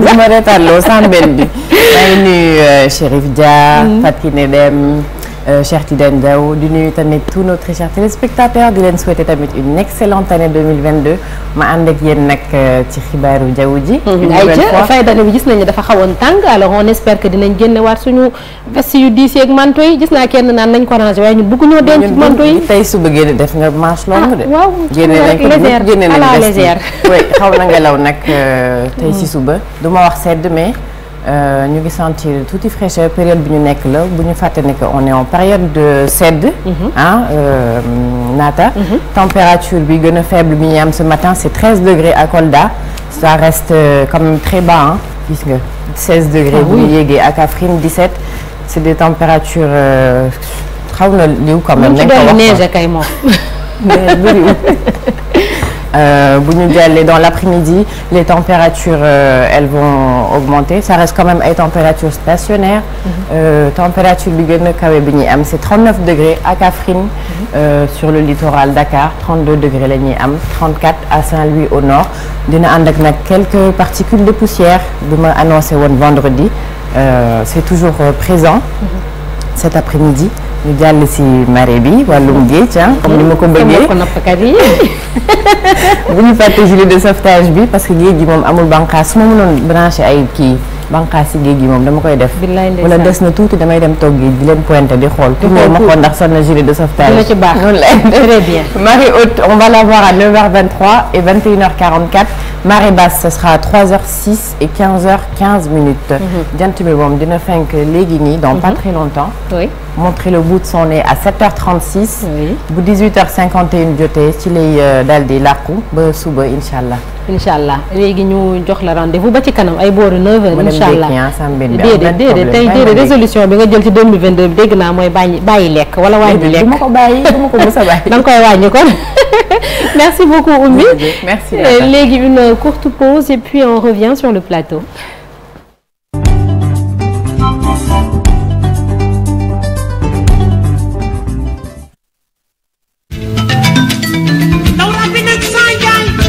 ma reetaan loo sàmbeen bi maa ngi nuyu euh, Chérif Dia mm. Fatkine Dem Euh, Cheikh Tidiane Diaw di nuyu tamit tous nos très chers téléspectateurs di leen souhaiter tamit une excellente année 2022 ma ànd ak yéen nag euh, ci xibaaru jaww ji. Mhm. ayca fin d'année bi gis nañu dafa xawoon tàng alors on espère que dinañ génnewaat suñu veste yu diis yeeg manteau yi gis naa kenn naan nañ ko rangé waaye ñun bëgguñoo denc manteau yi. tey suba génne def nga manche longue ah, de. waaw génne nañ ko ñëpp génne nañ veste yi xaw na nga law nag euh, tey si mhm. suba du ma wax sedd mais. Euh, ñu ngi sentir tuuti fraîcheur période bi ñu nekk la bu ñu fàtte ne on est en période de sedd. ah mhm. euh, naata. Mhm. température bi gën a faible bi ñu am ce matin c' degrés à Kolda ça reste euh, quand même très bas ah gis nga seize degrés. Ah à Kaffrine dix-sept c' est des températures xaw na quand même. nañ ko wax ko moom. Euh, bu ñu jàllee dans l'après-midi les températures euh, elles vont augmenter ça reste quand même ay températures stationnaires mhm. euh, bi gën a kawe bi ñuy am c'est 39 degrés à Kaffrine mhm. sur le littoral Dakar 32 degrés la ñuy am 34 à Saint-Louis au nord dina ànd ak nag quelques particules de poussière bu ma annoncé woon vendredi c'est toujours présent mhm. cet après-midi ñu jàll ci marée bi wàllum géej ah comme ni bu ñu fàtte gilet de sauvetage bi parce que géej gi moom amul bànqaas su ma mënoon branché ay kii. banqaas si géej koy def wala des na tuuti damay dem toog géej di leen pointé di xool pour ma xool ndax sol na gilet de sauvetage la ci baax très bien mhm. jant bi moom dina fenk léegi nii dans pas mhm. très longtemps oui montrer le bout de son nez à 7h36 bu 18h51 jotee ci lay euh, daal di làqu ba suba incha allah incha allah léegi ñu jox la rendez-vous ba ci kanam ay booru 9h incha allah déedéet tey déedéet résolution bi nga jël ci 2022 bi dégg naa mooy bàyyi bàyyi lekk wala wàññi lekk du ma ko bàyyi du ma ko mës a bàyyi da koy wàññi kon merci beaucoup Oumy merci euh, léegi une courte pause et puis on revient sur le plateau